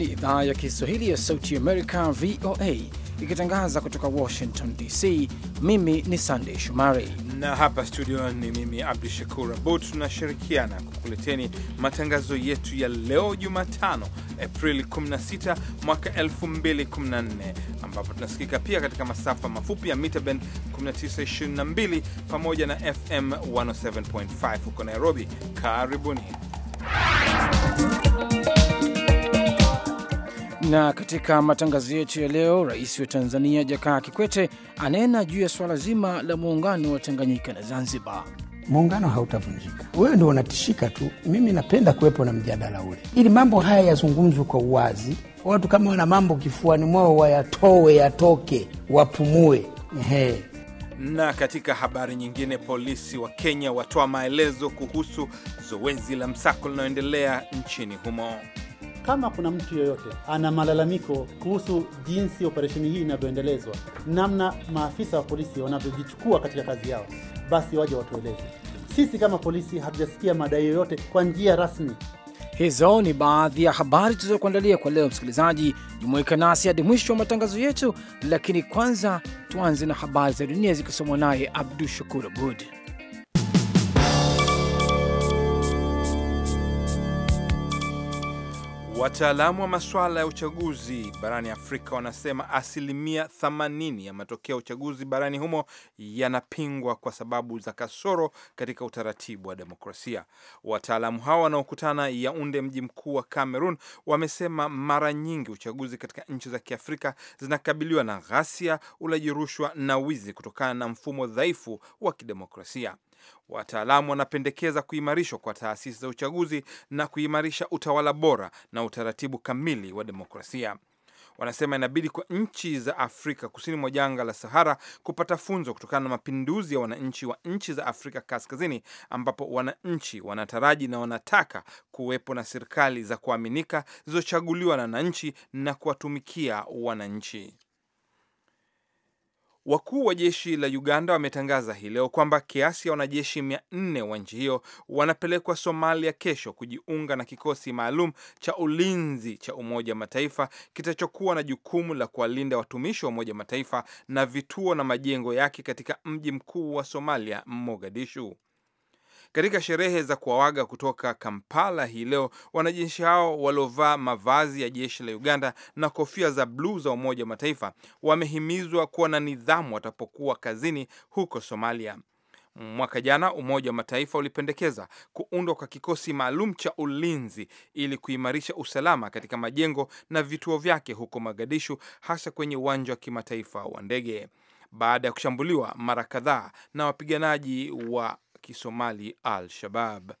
ni idhaa ya Kiswahili ya Sauti Amerika, VOA, ikitangaza kutoka Washington DC. Mimi ni Sandey Shomari na hapa studio ni mimi Abdu Shakur Abud. Tunashirikiana kukuleteni matangazo yetu ya leo Jumatano, Aprili 16 mwaka 2014, ambapo tunasikika pia katika masafa mafupi ya mita bend 1922 pamoja na FM 107.5 huko Nairobi. Karibuni. Na katika matangazo yetu ya leo, rais wa Tanzania Jakaya Kikwete anena juu ya swala zima la muungano wa Tanganyika na Zanzibar. Muungano hautavunjika, wewe ndio unatishika tu. Mimi napenda kuwepo na mjadala ule, ili mambo haya yazungumzwe kwa uwazi. Watu kama wana mambo kifuani mwao wayatowe yatoke, wapumue. Ehe. Na katika habari nyingine, polisi wa Kenya watoa maelezo kuhusu zoezi la msako linaloendelea nchini humo. Kama kuna mtu yoyote ana malalamiko kuhusu jinsi operesheni hii inavyoendelezwa, namna maafisa wa polisi wanavyojichukua katika kazi yao, basi waje watueleze. Sisi kama polisi hatujasikia madai yoyote kwa njia rasmi. Hizo ni baadhi ya habari tulizokuandalia kwa leo. Msikilizaji, jumuika nasi hadi mwisho wa matangazo yetu, lakini kwanza tuanze na habari za dunia zikisomwa naye Abdu Shakur Abud. Wataalamu wa masuala ya uchaguzi barani Afrika wanasema asilimia 80 ya matokeo ya uchaguzi barani humo yanapingwa kwa sababu za kasoro katika utaratibu wa demokrasia. Wataalamu hao wanaokutana Yaunde, mji mkuu wa Kamerun, wamesema mara nyingi uchaguzi katika nchi za Kiafrika zinakabiliwa na ghasia, ulaji rushwa na wizi kutokana na mfumo dhaifu wa kidemokrasia. Wataalamu wanapendekeza kuimarishwa kwa taasisi za uchaguzi na kuimarisha utawala bora na utaratibu kamili wa demokrasia. Wanasema inabidi kwa nchi za Afrika kusini mwa jangwa la Sahara kupata funzo kutokana na mapinduzi ya wananchi wa nchi za Afrika Kaskazini, ambapo wananchi wanataraji na wanataka kuwepo na serikali za kuaminika zilizochaguliwa na wananchi na kuwatumikia wananchi. Wakuu wa jeshi la Uganda wametangaza hii leo kwamba kiasi ya wanajeshi mia nne wa nchi hiyo wanapelekwa Somalia kesho kujiunga na kikosi maalum cha ulinzi cha Umoja Mataifa kitachokuwa na jukumu la kuwalinda watumishi wa Umoja Mataifa na vituo na majengo yake katika mji mkuu wa Somalia, Mogadishu. Katika sherehe za kuawaga kutoka Kampala hii leo, wanajeshi hao waliovaa mavazi ya jeshi la Uganda na kofia za bluu za Umoja wa Mataifa wamehimizwa kuwa na nidhamu watapokuwa kazini huko Somalia. Mwaka jana Umoja wa Mataifa ulipendekeza kuundwa kwa kikosi maalum cha ulinzi ili kuimarisha usalama katika majengo na vituo vyake huko Mogadishu, hasa kwenye uwanja wa kimataifa wa ndege, baada ya kushambuliwa mara kadhaa na wapiganaji wa Kisomali Al-Shabab.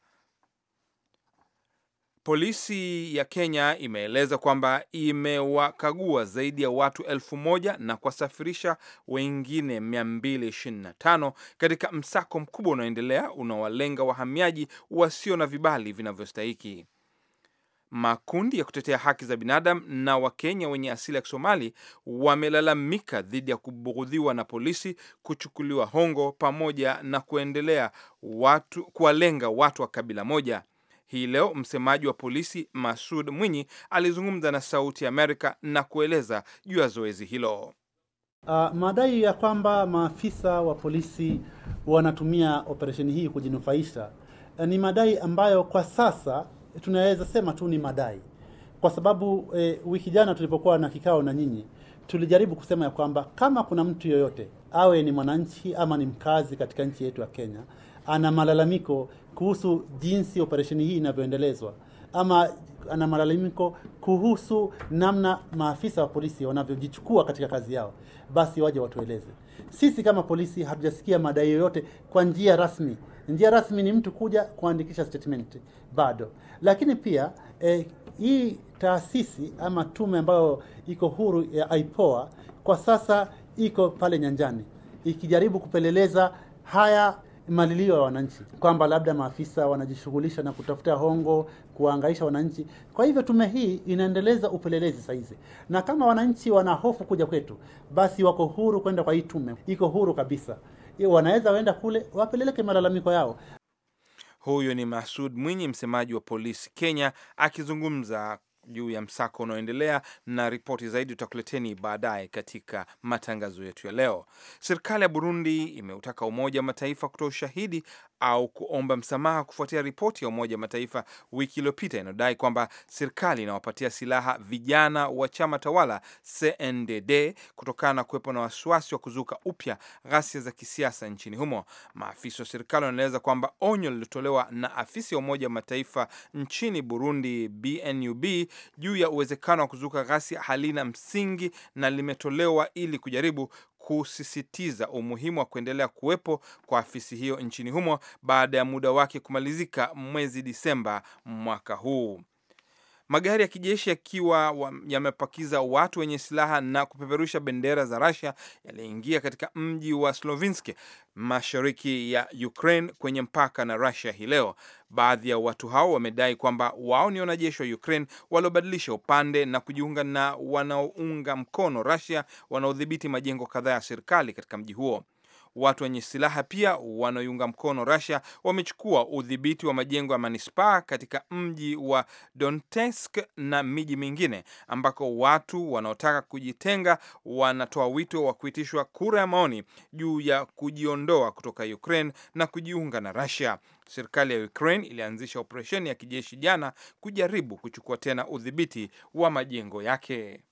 Polisi ya Kenya imeeleza kwamba imewakagua zaidi ya watu elfu moja na kuwasafirisha wengine 225 katika msako mkubwa unaoendelea unaowalenga wahamiaji wasio na vibali vinavyostahiki. Makundi ya kutetea haki za binadamu na Wakenya wenye asili ya Kisomali wamelalamika dhidi ya kubughudhiwa na polisi, kuchukuliwa hongo, pamoja na kuendelea watu kuwalenga watu wa kabila moja. Hii leo msemaji wa polisi Masud Mwinyi alizungumza na Sauti Amerika na kueleza juu ya zoezi hilo. Uh, madai ya kwamba maafisa wa polisi wanatumia operesheni hii kujinufaisha eh, ni madai ambayo kwa sasa tunaweza sema tu ni madai, kwa sababu e, wiki jana tulipokuwa na kikao na nyinyi tulijaribu kusema ya kwamba kama kuna mtu yoyote awe ni mwananchi ama ni mkazi katika nchi yetu ya Kenya ana malalamiko kuhusu jinsi operesheni hii inavyoendelezwa ama ana malalamiko kuhusu namna maafisa wa polisi wanavyojichukua katika kazi yao, basi waje watueleze. Sisi kama polisi hatujasikia madai yoyote kwa njia rasmi Njia rasmi ni mtu kuja kuandikisha statement bado, lakini pia eh, hii taasisi ama tume ambayo iko huru ya IPOA kwa sasa iko pale nyanjani ikijaribu kupeleleza haya malilio ya wananchi kwamba labda maafisa wanajishughulisha na kutafuta hongo, kuwaangaisha wananchi. Kwa hivyo tume hii inaendeleza upelelezi saizi, na kama wananchi wana hofu kuja kwetu, basi wako huru kwenda kwa hii tume, iko huru kabisa wanaweza waenda kule wapeleleke malalamiko yao. Huyu ni Masud Mwinyi, msemaji wa polisi Kenya, akizungumza juu ya msako unaoendelea na ripoti zaidi tutakuleteni baadaye katika matangazo yetu ya leo. Serikali ya Burundi imeutaka Umoja wa Mataifa kutoa ushahidi au kuomba msamaha kufuatia ripoti ya Umoja wa Mataifa wiki iliyopita inayodai kwamba serikali inawapatia silaha vijana wa chama tawala CNDD kutokana na kuwepo na wasiwasi wa kuzuka upya ghasia za kisiasa nchini humo. Maafisa wa serikali wanaeleza kwamba onyo lililotolewa na afisi ya Umoja wa Mataifa nchini Burundi, BNUB, juu ya uwezekano wa kuzuka ghasia halina msingi na limetolewa ili kujaribu kusisitiza umuhimu wa kuendelea kuwepo kwa afisi hiyo nchini humo baada ya muda wake kumalizika mwezi Disemba mwaka huu magari ya kijeshi yakiwa yamepakiza watu wenye silaha na kupeperusha bendera za Russia yaliingia katika mji wa Slovinski mashariki ya Ukraine kwenye mpaka na Russia hii leo. Baadhi ya watu hao wamedai kwamba wao ni wanajeshi wa Ukraine waliobadilisha upande na kujiunga na wanaounga mkono Russia wanaodhibiti majengo kadhaa ya serikali katika mji huo. Watu wenye silaha pia wanaoiunga mkono Russia wamechukua udhibiti wa majengo ya manispaa katika mji wa Donetsk na miji mingine ambako watu wanaotaka kujitenga wanatoa wito wa kuitishwa kura ya maoni juu ya kujiondoa kutoka Ukraine na kujiunga na Russia. Serikali ya Ukraine ilianzisha operesheni ya kijeshi jana kujaribu kuchukua tena udhibiti wa majengo yake.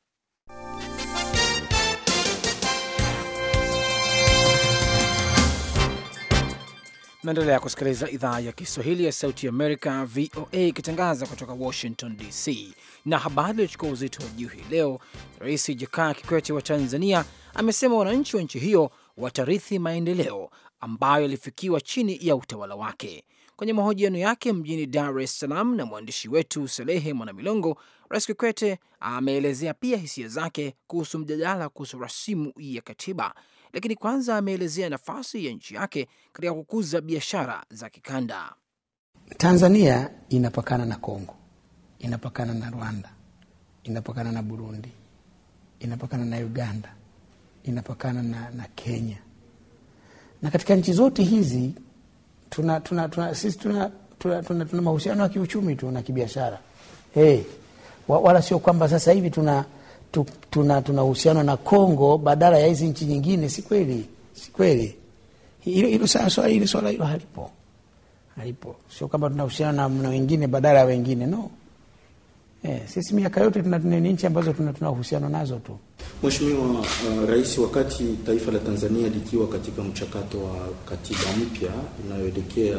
Naendelea kusikiliza idhaa ya Kiswahili ya Sauti Amerika, VOA, ikitangaza kutoka Washington DC. Na habari iliyochukua uzito wa juu hii leo, Rais Jakaya Kikwete wa Tanzania amesema wananchi wa nchi hiyo watarithi maendeleo ambayo yalifikiwa chini ya utawala wake. Kwenye mahojiano yake mjini Dar es Salaam na mwandishi wetu Salehe Mwanamilongo, Rais Kikwete ameelezea pia hisia zake kuhusu mjadala kuhusu rasimu ya katiba lakini kwanza ameelezea nafasi ya nchi yake katika kukuza biashara za kikanda. Tanzania inapakana na Kongo, inapakana na Rwanda, inapakana na Burundi, inapakana na Uganda, inapakana na, na Kenya, na katika nchi zote hizi tuna, tuna, tuna, sisi tuna, tuna, tuna, tuna mahusiano ya kiuchumi tu na kibiashara hey, wala sio kwamba sasa hivi tuna tuna tuna uhusiano na Kongo badala ya hizi nchi nyingine. Si kweli, si kweli. Hili swala hilo halipo, halipo. Sio kwamba tuna uhusiano na wengine badala ya wengine, no. Eh, sisi miaka yote ni nchi ambazo tuna uhusiano nazo tu. Mheshimiwa uh, Rais, wakati taifa la Tanzania likiwa katika mchakato wa katiba mpya inayoelekea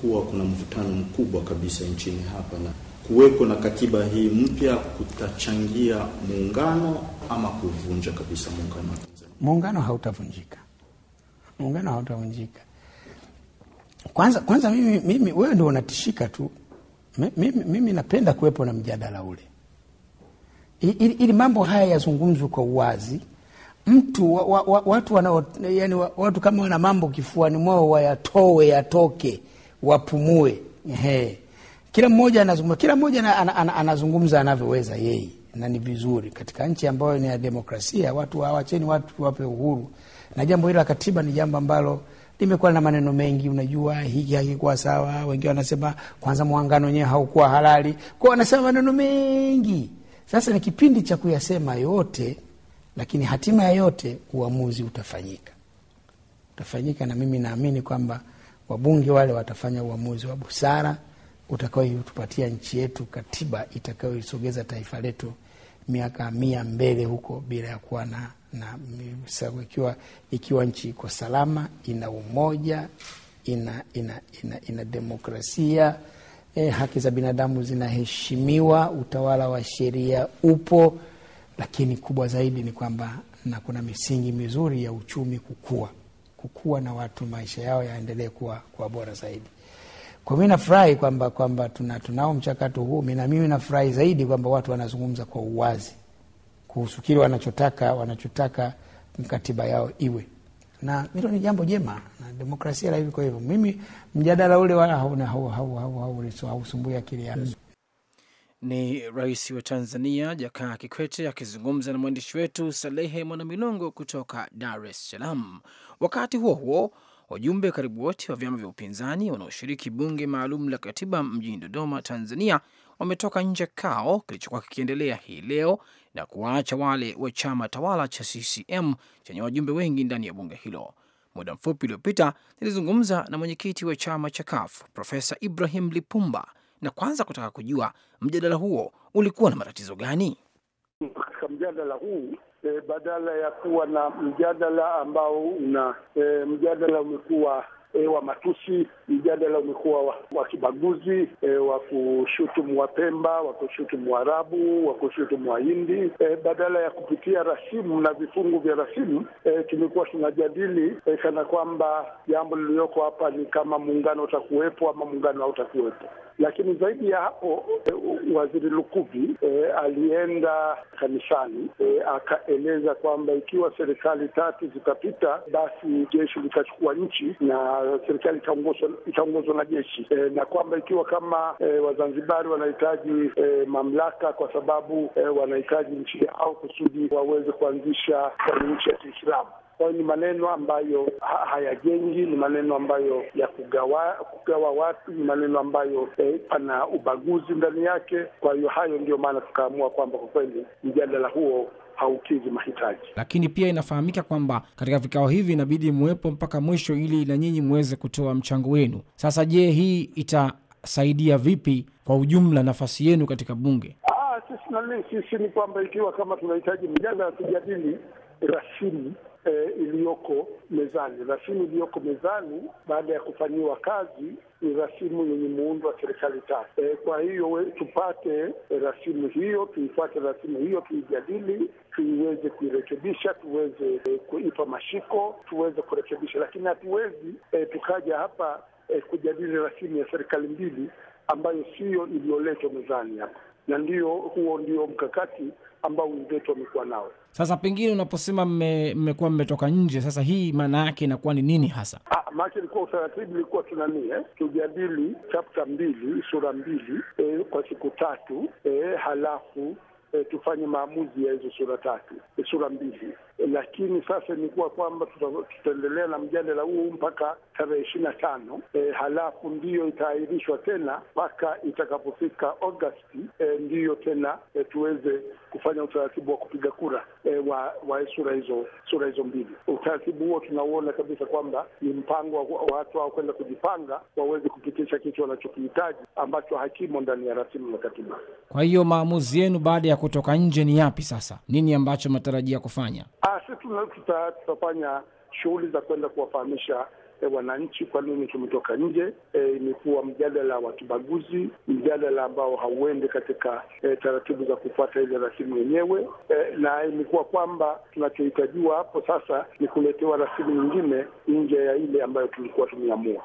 kuwa kuna mvutano mkubwa kabisa nchini hapa na kuweko na katiba hii mpya kutachangia muungano ama kuvunja kabisa muungano? Muungano hautavunjika, muungano hautavunjika. Kwanza kwanza, mimi, mimi wewe ndio unatishika tu. Mimi, mimi napenda kuwepo na mjadala ule ili, ili mambo haya yazungumzwe kwa uwazi mtu wa, wa, wa, watu wana, yani, wa, watu kama wana mambo kifuani mwao wayatoe yatoke, wapumue. Ehe. Kila mmoja anazungumza, kila mmoja anazungumza anavyoweza yeye, na ni vizuri katika nchi ambayo ni ya demokrasia. Watu wawacheni watu, wape uhuru, na jambo hili la katiba ni jambo ambalo limekuwa na maneno mengi. Unajua, hiki hakikuwa sawa, wengine wanasema kwanza muungano wenyewe haukuwa halali, kwa wanasema maneno mengi. Sasa ni kipindi cha kuyasema yote, lakini hatima ya yote uamuzi utafanyika, utafanyika, na mimi naamini kwamba wabunge wale watafanya uamuzi wa busara utakaotupatia nchi yetu katiba itakayoisogeza taifa letu miaka mia mbele huko bila ya kuwa na, na ikiwa, ikiwa nchi iko salama, ina umoja, ina, ina, ina, ina demokrasia eh, haki za binadamu zinaheshimiwa, utawala wa sheria upo, lakini kubwa zaidi ni kwamba na kuna misingi mizuri ya uchumi kukua kukua na watu maisha yao yaendelee kuwa, kuwa bora zaidi. Kwa mi nafurahi kwamba kwamba tuna, tunao mchakato huu, na mimi nafurahi zaidi kwamba watu wanazungumza kwa uwazi kuhusu kile wanachotaka wanachotaka katiba yao iwe na hilo ni jambo jema, na demokrasia lahivi Kwa hivyo mimi mjadala ule wala hausumbui akili ya hmm. Ni Rais wa Tanzania jakaa Kikwete akizungumza na mwandishi wetu Salehe Mwanamilongo kutoka Dar es Salaam. Wakati huo huo Wajumbe karibu wote wa vyama vya upinzani wanaoshiriki bunge maalum la katiba mjini Dodoma, Tanzania, wametoka nje kao kilichokuwa kikiendelea hii leo na kuwaacha wale wa chama tawala cha CCM chenye wajumbe wengi ndani ya bunge hilo. Muda mfupi uliopita nilizungumza na mwenyekiti wa chama cha CUF Profesa Ibrahim Lipumba na kwanza kutaka kujua mjadala huo ulikuwa na matatizo gani katika mjadala huu e, badala ya kuwa na mjadala ambao una e, mjadala umekuwa e, wa matusi, mjadala umekuwa wa, wa kibaguzi e, wa kushutumu Wapemba, wa kushutumu Waarabu, wa kushutumu Wahindi e, badala ya kupitia rasimu na vifungu vya rasimu e, tumekuwa tunajadili e, kana kwamba jambo liliyoko hapa ni kama muungano utakuwepo ama muungano hautakuwepo. Lakini zaidi ya hapo e, waziri Lukuvi e, alienda kanisani e, akaeleza kwamba ikiwa serikali tatu zitapita, basi jeshi litachukua nchi na serikali itaongozwa na jeshi e, na kwamba ikiwa kama e, Wazanzibari wanahitaji e, mamlaka kwa sababu e, wanahitaji nchi yao kusudi waweze kuanzisha nchi ya Kiislamu. Kwayo ni maneno ambayo hayajengi, ni maneno ambayo ya kugawa, kugawa watu, ni maneno ambayo eh, pana ubaguzi ndani yake. Kwa hiyo hayo ndiyo maana tukaamua kwamba kwa kweli mjadala huo haukidhi mahitaji. Lakini pia inafahamika kwamba katika vikao hivi inabidi muwepo mpaka mwisho ili na nyinyi muweze kutoa mchango wenu. Sasa je, hii itasaidia vipi kwa ujumla nafasi yenu katika bunge? Aa, ah, sisi, sisi ni kwamba ikiwa kama tunahitaji mjadala tujadili rasimu e, iliyoko mezani. Rasimu iliyoko mezani baada ya kufanyiwa kazi ni rasimu yenye muundo wa serikali tatu. E, kwa hiyo we, tupate e, rasimu hiyo, tuifuate rasimu hiyo, tuijadili, tuiweze kuirekebisha, tuweze e, kuipa mashiko, tuweze kurekebisha, lakini hatuwezi e, tukaja hapa e, kujadili rasimu ya serikali mbili ambayo siyo iliyoletwa mezani hapa, na ndio huo ndio mkakati ambao wenzetu wamekuwa nao. Sasa pengine unaposema mmekuwa mmetoka nje, sasa hii maana yake inakuwa ni nini hasa? Ah, Maake ilikuwa utaratibu ilikuwa tunanie eh, tujadili chapta mbili sura mbili e, kwa siku tatu e, halafu e, tufanye maamuzi ya hizo sura tatu e, sura mbili lakini sasa ni kuwa kwamba tutaendelea na mjadala huu mpaka tarehe ishirini na tano e, halafu ndiyo itaahirishwa tena mpaka itakapofika Agosti e, ndiyo tena e, tuweze kufanya utaratibu wa kupiga kura e, wa, wa sura hizo sura hizo mbili. Utaratibu huo tunauona kabisa kwamba ni mpango wa watu hao kwenda kujipanga waweze kupitisha kitu wanachokihitaji ambacho hakimo ndani ya rasimu ya katiba. Kwa hiyo maamuzi yenu baada ya kutoka nje ni yapi sasa? Nini ambacho mnatarajia kufanya? Ah, sisi tutafanya shughuli za kwenda kuwafahamisha E, wananchi kwa nini tumetoka nje. E, imekuwa mjadala wa kibaguzi, mjadala ambao hauendi katika e, taratibu za kufuata ile rasimu yenyewe e, na imekuwa kwamba tunachohitajiwa hapo sasa ni kuletewa rasimu nyingine nje ya ile ambayo tulikuwa tumeamua.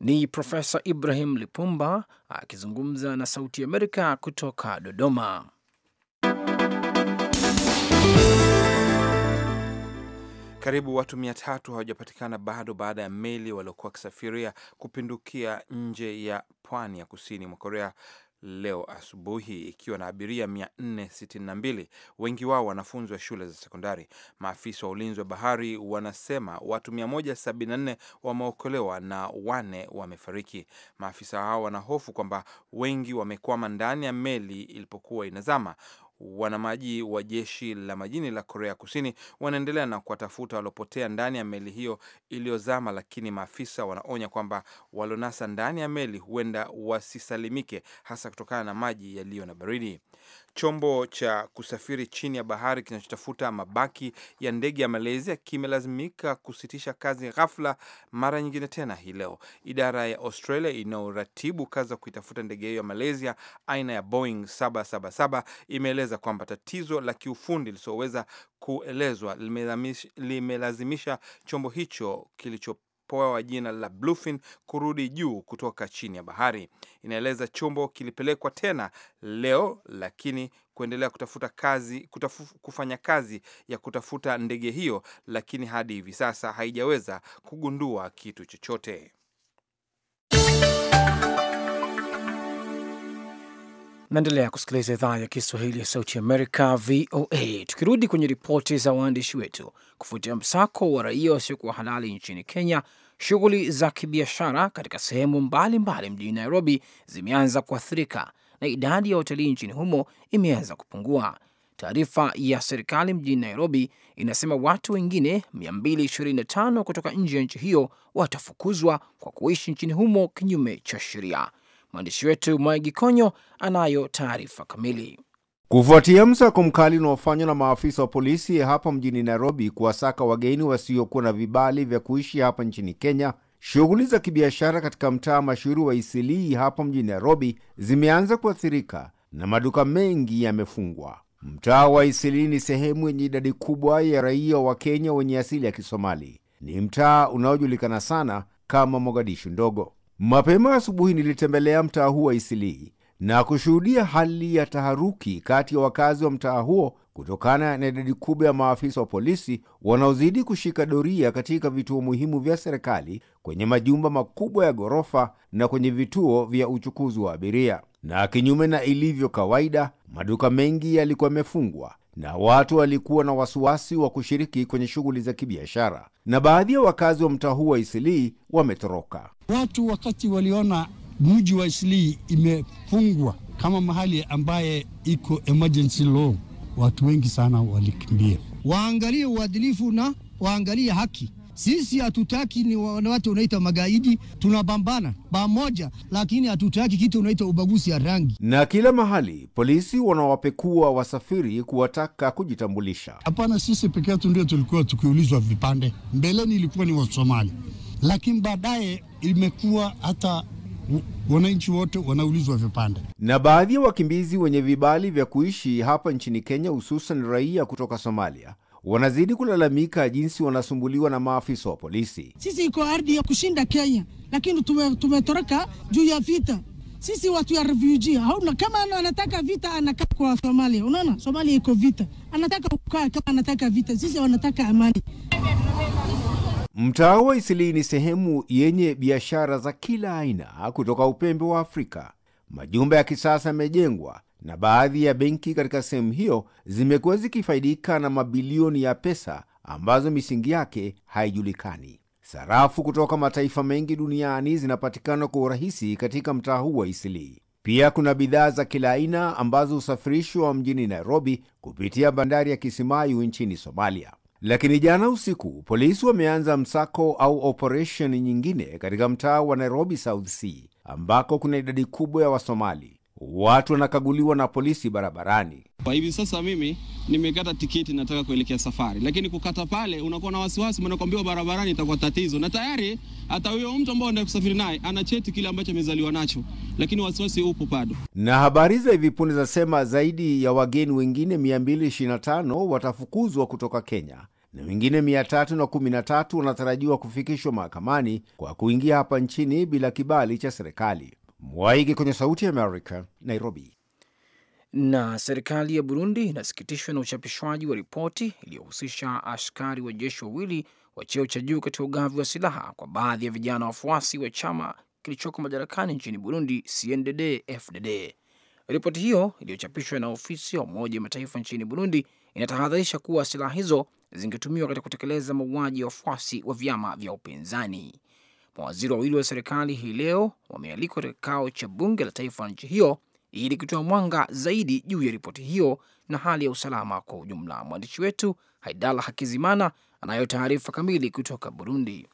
Ni Profesa Ibrahim Lipumba akizungumza na Sauti ya Amerika kutoka Dodoma. Karibu watu mia tatu hawajapatikana bado baada ya meli waliokuwa wakisafiria kupindukia nje ya pwani ya kusini mwa Korea leo asubuhi ikiwa na abiria 462, wengi wao wanafunzi wa shule za sekondari. Maafisa wa ulinzi wa bahari wanasema watu 174 wameokolewa na wane wamefariki. Maafisa hao wanahofu kwamba wengi wamekwama ndani ya meli ilipokuwa inazama. Wanamaji wa jeshi la majini la Korea Kusini wanaendelea na kuwatafuta waliopotea ndani ya meli hiyo iliyozama, lakini maafisa wanaonya kwamba walionasa ndani ya meli huenda wasisalimike, hasa kutokana na maji yaliyo na baridi. Chombo cha kusafiri chini ya bahari kinachotafuta mabaki ya ndege ya Malaysia kimelazimika kusitisha kazi ghafla mara nyingine tena hii leo. Idara ya Australia inayoratibu kazi za kuitafuta ndege hiyo ya Malaysia aina ya Boeing 777 imeeleza kwamba tatizo la kiufundi lisioweza kuelezwa limelazimisha chombo hicho kilicho poa wa jina la Bluefin kurudi juu kutoka chini ya bahari. Inaeleza chombo kilipelekwa tena leo, lakini kuendelea kutafuta kazi, kutafu, kufanya kazi ya kutafuta ndege hiyo, lakini hadi hivi sasa haijaweza kugundua kitu chochote. Naendelea kusikiliza idhaa ya Kiswahili ya Sauti Amerika, VOA. Tukirudi kwenye ripoti za waandishi wetu, kufuatia msako wa raia wasiokuwa halali nchini Kenya, shughuli za kibiashara katika sehemu mbalimbali mjini Nairobi zimeanza kuathirika na idadi ya watalii nchini humo imeanza kupungua. Taarifa ya serikali mjini Nairobi inasema watu wengine 225 kutoka nje ya nchi hiyo watafukuzwa kwa kuishi nchini humo kinyume cha sheria. Mwandishi wetu Mwangi Konyo anayo taarifa kamili. Kufuatia msako mkali unaofanywa na maafisa wa polisi hapa mjini Nairobi kuwasaka wageni wasiokuwa na vibali vya kuishi hapa nchini Kenya, shughuli za kibiashara katika mtaa mashuhuri wa Isilii hapa mjini Nairobi zimeanza kuathirika na maduka mengi yamefungwa. Mtaa wa Isilii ni sehemu yenye idadi kubwa ya raia wa Kenya wenye asili ya Kisomali. Ni mtaa unaojulikana sana kama Mogadishu ndogo. Mapema asubuhi nilitembelea mtaa huu wa Isilii na kushuhudia hali ya taharuki kati ya wakazi wa mtaa huo kutokana na idadi kubwa ya maafisa wa polisi wanaozidi kushika doria katika vituo muhimu vya serikali, kwenye majumba makubwa ya ghorofa na kwenye vituo vya uchukuzi wa abiria. Na kinyume na ilivyo kawaida, maduka mengi yalikuwa yamefungwa na watu walikuwa na wasiwasi wa kushiriki kwenye shughuli za kibiashara, na baadhi ya wakazi wa mtaa huu wa Isilii wametoroka. Watu wakati waliona mji wa Isilii imefungwa kama mahali ambaye iko emergency law, watu wengi sana walikimbia. Waangalie uadilifu na waangalie haki sisi hatutaki ni watu unaita magaidi, tunapambana pamoja, lakini hatutaki kitu unaita ubaguzi ya rangi. Na kila mahali polisi wanawapekua wasafiri kuwataka kujitambulisha. Hapana, sisi peke yetu ndio tulikuwa tukiulizwa vipande. Mbeleni ilikuwa ni Wasomali, lakini baadaye imekuwa hata wananchi wote wanaulizwa vipande. Na baadhi ya wakimbizi wenye vibali vya kuishi hapa nchini Kenya, hususan raia kutoka Somalia wanazidi kulalamika jinsi wanasumbuliwa na maafisa wa polisi. Sisi iko ardhi ya kushinda Kenya, lakini tumetoroka tume juu ya vita. Sisi watu ya refugee hauna kama anataka vita anakaa kwa Somalia. Unaona, Somalia iko vita, anataka ukaa kama anataka vita. Sisi wanataka amani. Mtaa wa Isilii ni sehemu yenye biashara za kila aina kutoka upembe wa Afrika. Majumba ya kisasa yamejengwa na baadhi ya benki katika sehemu hiyo zimekuwa zikifaidika na mabilioni ya pesa ambazo misingi yake haijulikani. Sarafu kutoka mataifa mengi duniani zinapatikana kwa urahisi katika mtaa huu wa Isilii. Pia kuna bidhaa za kila aina ambazo husafirishwa mjini Nairobi kupitia bandari ya Kisimayu nchini Somalia. Lakini jana usiku polisi wameanza msako au operesheni nyingine katika mtaa wa Nairobi South C ambako kuna idadi kubwa ya Wasomali watu wanakaguliwa na polisi barabarani. Kwa hivi sasa mimi nimekata tiketi, nataka kuelekea safari, lakini kukata pale unakuwa na wasiwasi, mnakwambiwa barabarani itakuwa tatizo, na tayari hata huyo mtu ambao anaenda kusafiri naye ana cheti kile ambacho amezaliwa nacho, lakini wasiwasi upo bado. Na habari za hivi punde zasema zaidi ya wageni wengine 225 watafukuzwa kutoka Kenya na wengine 313 wanatarajiwa kufikishwa mahakamani kwa kuingia hapa nchini bila kibali cha serikali. Mwaige kwenye Sauti ya Amerika, Nairobi. Na serikali ya Burundi inasikitishwa na uchapishwaji wa ripoti iliyohusisha askari wa jeshi wawili wa cheo cha juu katika ugavi wa silaha kwa baadhi ya vijana wafuasi wa chama kilichoko madarakani nchini Burundi, CNDD FDD. Ripoti hiyo iliyochapishwa na ofisi ya Umoja wa Mataifa nchini Burundi inatahadharisha kuwa silaha hizo zingetumiwa katika kutekeleza mauaji ya wafuasi wa vyama vya upinzani mawaziri wawili wa serikali hii leo wamealikwa katika kikao cha bunge la taifa la nchi hiyo ili kutoa mwanga zaidi juu ya ripoti hiyo na hali ya usalama kwa ujumla. Mwandishi wetu Haidala Hakizimana anayo taarifa kamili kutoka Burundi.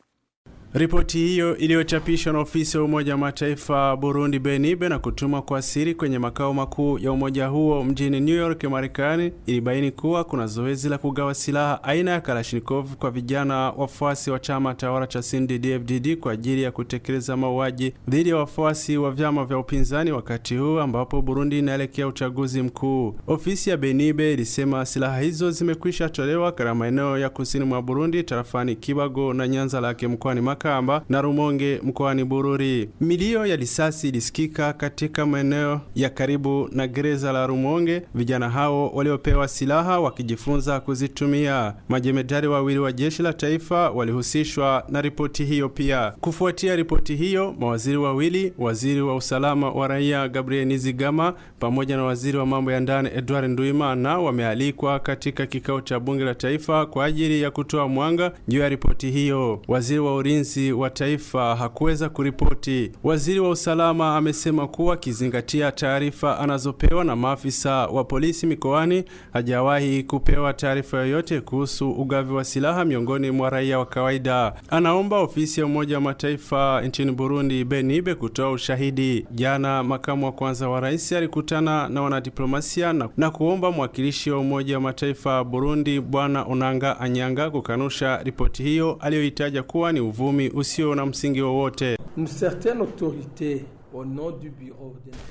Ripoti hiyo iliyochapishwa na ofisi ya Umoja wa Mataifa Burundi Benibe na kutumwa kwa siri kwenye makao makuu ya umoja huo mjini New York, Marekani, ilibaini kuwa kuna zoezi la kugawa silaha aina ya Kalashnikov kwa vijana wafuasi wa chama tawala cha CNDD-FDD kwa ajili ya kutekeleza mauaji dhidi ya wafuasi wa vyama vya upinzani, wakati huu ambapo Burundi inaelekea uchaguzi mkuu. Ofisi ya Benibe ilisema silaha hizo zimekwisha tolewa katika maeneo ya kusini mwa Burundi, tarafani Kibago na Nyanza Lake mkoani Makamba na Rumonge mkoani Bururi. Milio ya risasi ilisikika katika maeneo ya karibu na gereza la Rumonge, vijana hao waliopewa silaha wakijifunza kuzitumia. majemedari wawili wa jeshi la taifa walihusishwa na ripoti hiyo pia. Kufuatia ripoti hiyo, mawaziri wawili, waziri wa usalama wa raia Gabriel Nizigama pamoja na waziri wa mambo ya ndani Edward Nduimana wamealikwa katika kikao cha bunge la taifa kwa ajili ya kutoa mwanga juu ya ripoti hiyo. Waziri wa ulinzi polisi wa taifa hakuweza kuripoti. Waziri wa usalama amesema kuwa akizingatia taarifa anazopewa na maafisa wa polisi mikoani, hajawahi kupewa taarifa yoyote kuhusu ugavi wa silaha miongoni mwa raia wa kawaida. Anaomba ofisi ya Umoja wa Mataifa nchini Burundi Benibe kutoa ushahidi. Jana makamu wa kwanza wa rais alikutana na wanadiplomasia na, na kuomba mwakilishi wa Umoja wa Mataifa Burundi Bwana Onanga Anyanga kukanusha ripoti hiyo aliyoitaja kuwa ni uvumi uchumi usio na msingi wowote.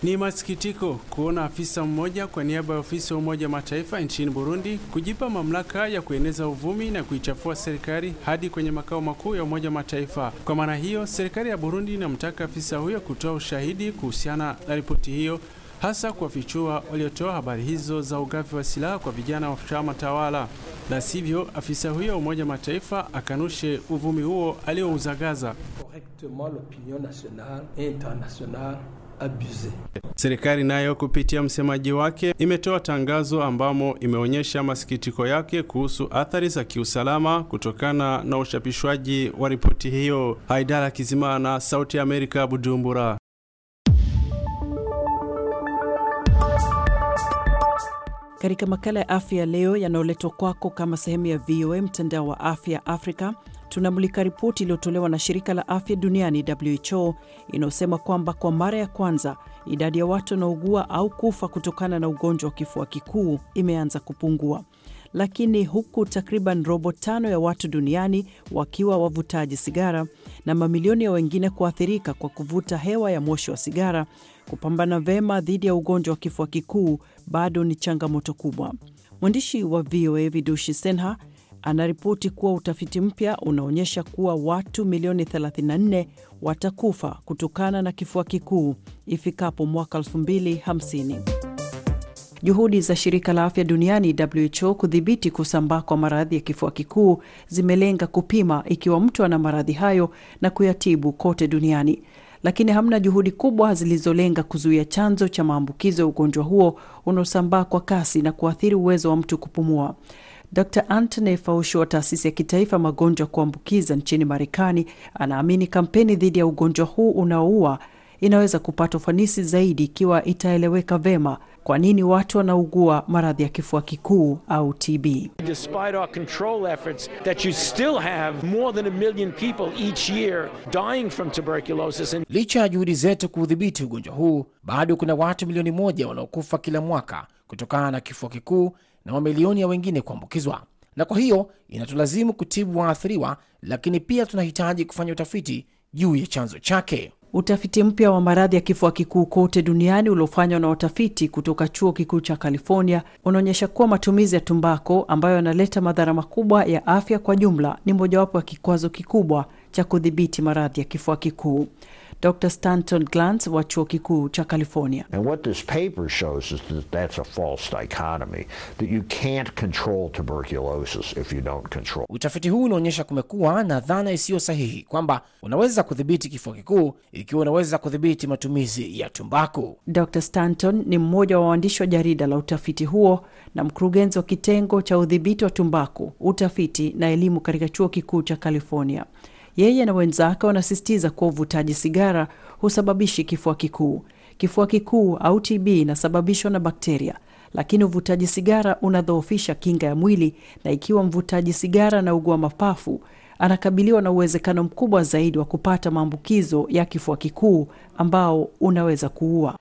Ni masikitiko kuona afisa mmoja kwa niaba ya ofisi ya Umoja Mataifa nchini Burundi kujipa mamlaka ya kueneza uvumi na kuichafua serikali hadi kwenye makao makuu ya Umoja Mataifa. Kwa maana hiyo, serikali ya Burundi inamtaka afisa huyo kutoa ushahidi kuhusiana na ripoti hiyo hasa kuwafichua waliotoa habari hizo za ugavi wa silaha kwa vijana wa chama tawala, la sivyo afisa huyo wa Umoja Mataifa akanushe uvumi huo aliouzagaza. Serikali nayo kupitia msemaji wake imetoa tangazo ambamo imeonyesha masikitiko yake kuhusu athari za kiusalama kutokana na uchapishwaji wa ripoti hiyo. Haidara Kizimana, Sauti ya Amerika, Bujumbura. katika makala ya afya leo yanayoletwa kwako kama sehemu ya VOA mtandao wa afya Afrika, tunamulika ripoti iliyotolewa na shirika la afya duniani WHO inayosema kwamba kwa mara ya kwanza idadi ya watu wanaougua au kufa kutokana na ugonjwa wa kifua kikuu imeanza kupungua, lakini huku takriban robo tano ya watu duniani wakiwa wavutaji sigara na mamilioni ya wengine kuathirika kwa kuvuta hewa ya moshi wa sigara, kupambana vema dhidi ya ugonjwa wa kifua kikuu bado ni changamoto kubwa. Mwandishi wa VOA Vidushi Senha anaripoti kuwa utafiti mpya unaonyesha kuwa watu milioni 34 watakufa kutokana na kifua kikuu ifikapo mwaka 2050. Juhudi za shirika la afya duniani WHO kudhibiti kusambaa kwa maradhi ya kifua kikuu zimelenga kupima ikiwa mtu ana maradhi hayo na kuyatibu kote duniani lakini hamna juhudi kubwa zilizolenga kuzuia chanzo cha maambukizo ya ugonjwa huo unaosambaa kwa kasi na kuathiri uwezo wa mtu kupumua. Dr antony faushi wa taasisi ya kitaifa magonjwa kuambukiza nchini Marekani anaamini kampeni dhidi ya ugonjwa huu unaoua inaweza kupata ufanisi zaidi ikiwa itaeleweka vema kwa nini watu wanaugua maradhi ya kifua kikuu au TB. our control efforts that you still have more than a million people each year dying from tuberculosis and... Licha ya juhudi zetu kuudhibiti ugonjwa huu, bado kuna watu milioni moja wanaokufa kila mwaka kutokana na kifua kikuu na mamilioni ya wengine kuambukizwa, na kwa hiyo inatulazimu kutibu waathiriwa, lakini pia tunahitaji kufanya utafiti juu ya chanzo chake. Utafiti mpya wa maradhi ya kifua kikuu kote duniani uliofanywa na watafiti kutoka chuo kikuu cha California unaonyesha kuwa matumizi ya tumbako ambayo yanaleta madhara makubwa ya afya kwa jumla ni mojawapo ya kikwazo kikubwa cha kudhibiti maradhi ya kifua kikuu. Dr. Stanton Glantz wa chuo kikuu cha California. And what this paper shows is that that's a false dichotomy, that you can't control tuberculosis if you don't control. Utafiti huu unaonyesha kumekuwa na dhana isiyo sahihi kwamba unaweza kudhibiti kifua kikuu ikiwa unaweza kudhibiti matumizi ya tumbaku. Dr. Stanton ni mmoja wa waandishi wa jarida la utafiti huo na mkurugenzi wa kitengo cha udhibiti wa tumbaku, utafiti na elimu katika chuo kikuu cha California. Yeye na wenzake wanasistiza kuwa uvutaji sigara husababishi kifua kikuu. Kifua kikuu au TB inasababishwa na bakteria, lakini uvutaji sigara unadhoofisha kinga ya mwili, na ikiwa mvutaji sigara anaugua mapafu, anakabiliwa na uwezekano mkubwa zaidi wa kupata maambukizo ya kifua kikuu ambao unaweza kuua.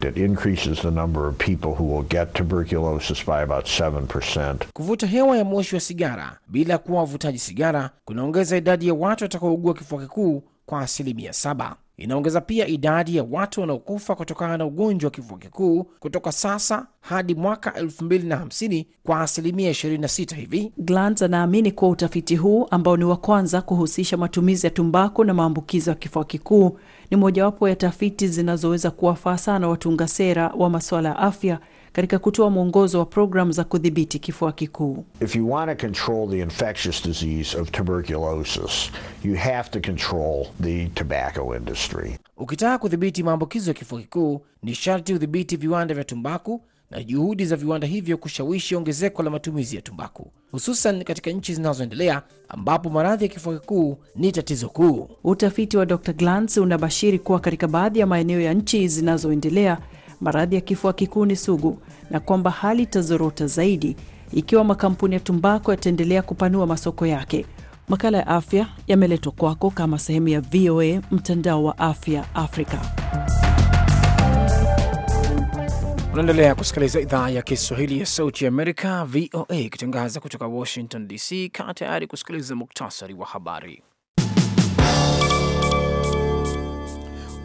Kuvuta hewa ya moshi wa sigara bila kuwa wavutaji sigara kunaongeza idadi ya watu watakaougua kifua kikuu kwa asilimia saba inaongeza pia idadi ya watu wanaokufa kutokana na ugonjwa wa kifua kikuu kutoka sasa hadi mwaka 250 kwa asilimia 26 hivi. glan anaamini kuwa utafiti huu ambao ni wa kwanza kuhusisha matumizi ya tumbaku na maambukizo ya kifua kikuu ni mojawapo ya tafiti zinazoweza kuwafaa sana watunga sera wa masuala ya afya katika kutoa mwongozo wa programu za kudhibiti kifua kikuu. If you want to control the infectious disease of tuberculosis, you have to control the tobacco industry. Ukitaka kudhibiti maambukizo ya kifua kikuu ni sharti udhibiti viwanda vya tumbaku na juhudi za viwanda hivyo kushawishi ongezeko la matumizi ya tumbaku hususan katika nchi zinazoendelea ambapo maradhi ya kifua kikuu ni tatizo kuu. Utafiti wa Dr. Glantz unabashiri kuwa katika baadhi ya maeneo ya nchi zinazoendelea maradhi ya kifua kikuu ni sugu na kwamba hali itazorota zaidi ikiwa makampuni ya tumbako yataendelea kupanua masoko yake. Makala ya afya yameletwa kwako kama sehemu ya VOA mtandao wa afya Afrika. Unaendelea kusikiliza idhaa ya Kiswahili ya Sauti Amerika, VOA, ikitangaza kutoka Washington DC. Kaa tayari kusikiliza muktasari wa habari.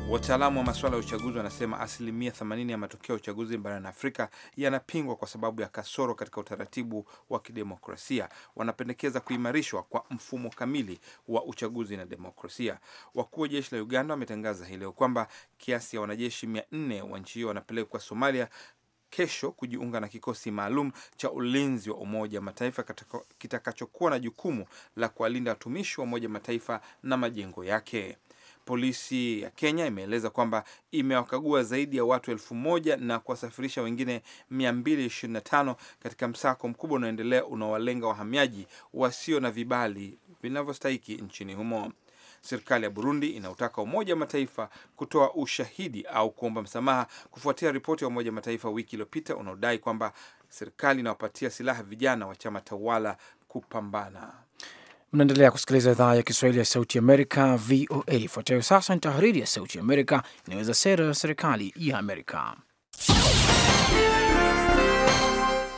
Wataalamu wa masuala ya uchaguzi wanasema asilimia 80 ya matokeo ya uchaguzi barani Afrika yanapingwa kwa sababu ya kasoro katika utaratibu wa kidemokrasia. Wanapendekeza kuimarishwa kwa mfumo kamili wa uchaguzi na demokrasia. Wakuu wa jeshi la Uganda wametangaza hii leo kwamba kiasi ya wanajeshi 400 wa nchi hiyo wanapelekwa Somalia kesho kujiunga na kikosi maalum cha ulinzi wa Umoja Mataifa kitakachokuwa na jukumu la kuwalinda watumishi wa Umoja Mataifa na majengo yake. Polisi ya Kenya imeeleza kwamba imewakagua zaidi ya watu elfu moja na kuwasafirisha wengine 225 katika msako mkubwa unaoendelea unaowalenga wahamiaji wasio na vibali vinavyostahiki nchini humo. Serikali ya Burundi inautaka Umoja wa Mataifa kutoa ushahidi au kuomba msamaha kufuatia ripoti ya Umoja wa Mataifa wiki iliyopita unaodai kwamba serikali inawapatia silaha vijana wa chama tawala kupambana Mnaendelea kusikiliza idhaa ya Kiswahili ya Sauti Amerika, VOA. Ifuatayo sasa ni tahariri ya Sauti Amerika inaweza sera ya serikali ya Amerika.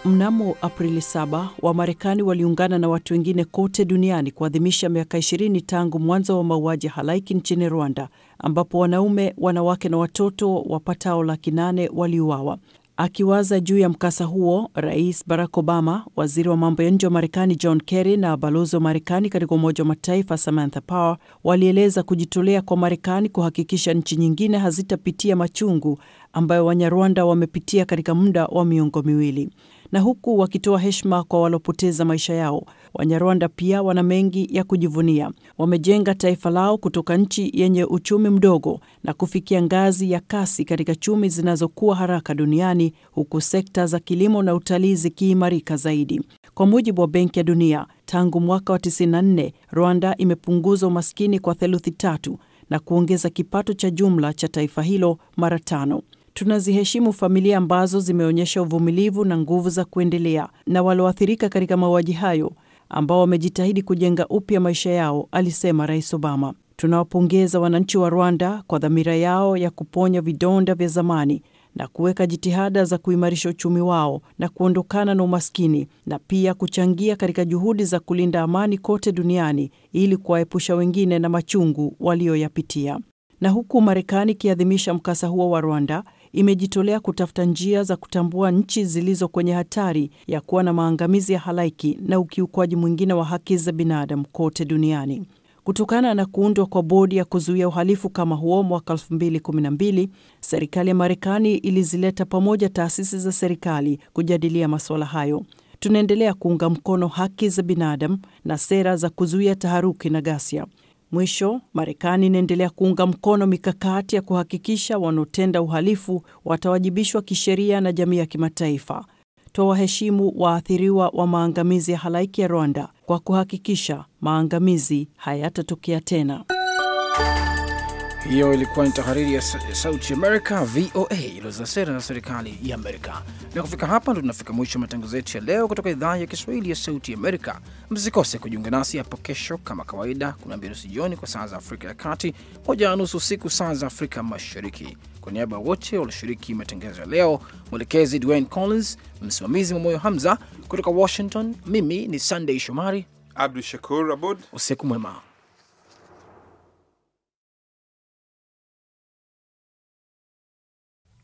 Mnamo Aprili 7 Wamarekani waliungana na watu wengine kote duniani kuadhimisha miaka 20 tangu mwanzo wa mauaji halaiki nchini Rwanda, ambapo wanaume, wanawake na watoto wapatao laki nane waliuawa. Akiwaza juu ya mkasa huo, Rais Barack Obama, waziri wa mambo ya nje wa Marekani John Kerry na balozi wa Marekani katika Umoja wa Mataifa Samantha Power walieleza kujitolea kwa Marekani kuhakikisha nchi nyingine hazitapitia machungu ambayo Wanyarwanda wamepitia katika muda wa miongo miwili. Na huku wakitoa heshima kwa walopoteza maisha yao, Wanyarwanda pia wana mengi ya kujivunia. Wamejenga taifa lao kutoka nchi yenye uchumi mdogo na kufikia ngazi ya kasi katika chumi zinazokuwa haraka duniani, huku sekta za kilimo na utalii zikiimarika zaidi. Kwa mujibu wa Benki ya Dunia, tangu mwaka wa 94 Rwanda imepunguza umaskini kwa theluthi tatu na kuongeza kipato cha jumla cha taifa hilo mara tano. Tunaziheshimu familia ambazo zimeonyesha uvumilivu na nguvu za kuendelea na walioathirika katika mauaji hayo ambao wamejitahidi kujenga upya maisha yao, alisema Rais Obama. Tunawapongeza wananchi wa Rwanda kwa dhamira yao ya kuponya vidonda vya zamani na kuweka jitihada za kuimarisha uchumi wao na kuondokana na umaskini na pia kuchangia katika juhudi za kulinda amani kote duniani ili kuwaepusha wengine na machungu walioyapitia. Na huku Marekani ikiadhimisha mkasa huo wa Rwanda, imejitolea kutafuta njia za kutambua nchi zilizo kwenye hatari ya kuwa na maangamizi ya halaiki na ukiukwaji mwingine wa haki za binadamu kote duniani. Kutokana na kuundwa kwa bodi ya kuzuia uhalifu kama huo mwaka 2012, serikali ya Marekani ilizileta pamoja taasisi za serikali kujadilia masuala hayo. Tunaendelea kuunga mkono haki za binadamu na sera za kuzuia taharuki na ghasia. Mwisho, Marekani inaendelea kuunga mkono mikakati ya kuhakikisha wanaotenda uhalifu watawajibishwa kisheria na jamii ya kimataifa. Twawaheshimu waathiriwa wa maangamizi ya halaiki ya Rwanda kwa kuhakikisha maangamizi hayatatokea tena. Hiyo ilikuwa ni tahariri ya Sauti Amerika VOA iliyoza sera za serikali ya Amerika. Na kufika hapa ndo tunafika mwisho wa matangazo yetu ya leo kutoka idhaa ya Kiswahili ya Sauti Amerika. Msikose kujiunga nasi hapo kesho kama kawaida, kuna mbili nusu jioni kwa saa za Afrika ya Kati, moja na nusu usiku saa za Afrika Mashariki. Kwa niaba ya wote walioshiriki matangazo ya leo, mwelekezi Dwayne Collins, msimamizi Mwamoyo Hamza kutoka Washington, mimi ni Sunday Shomari Abdu Shakur Abud, usiku mwema.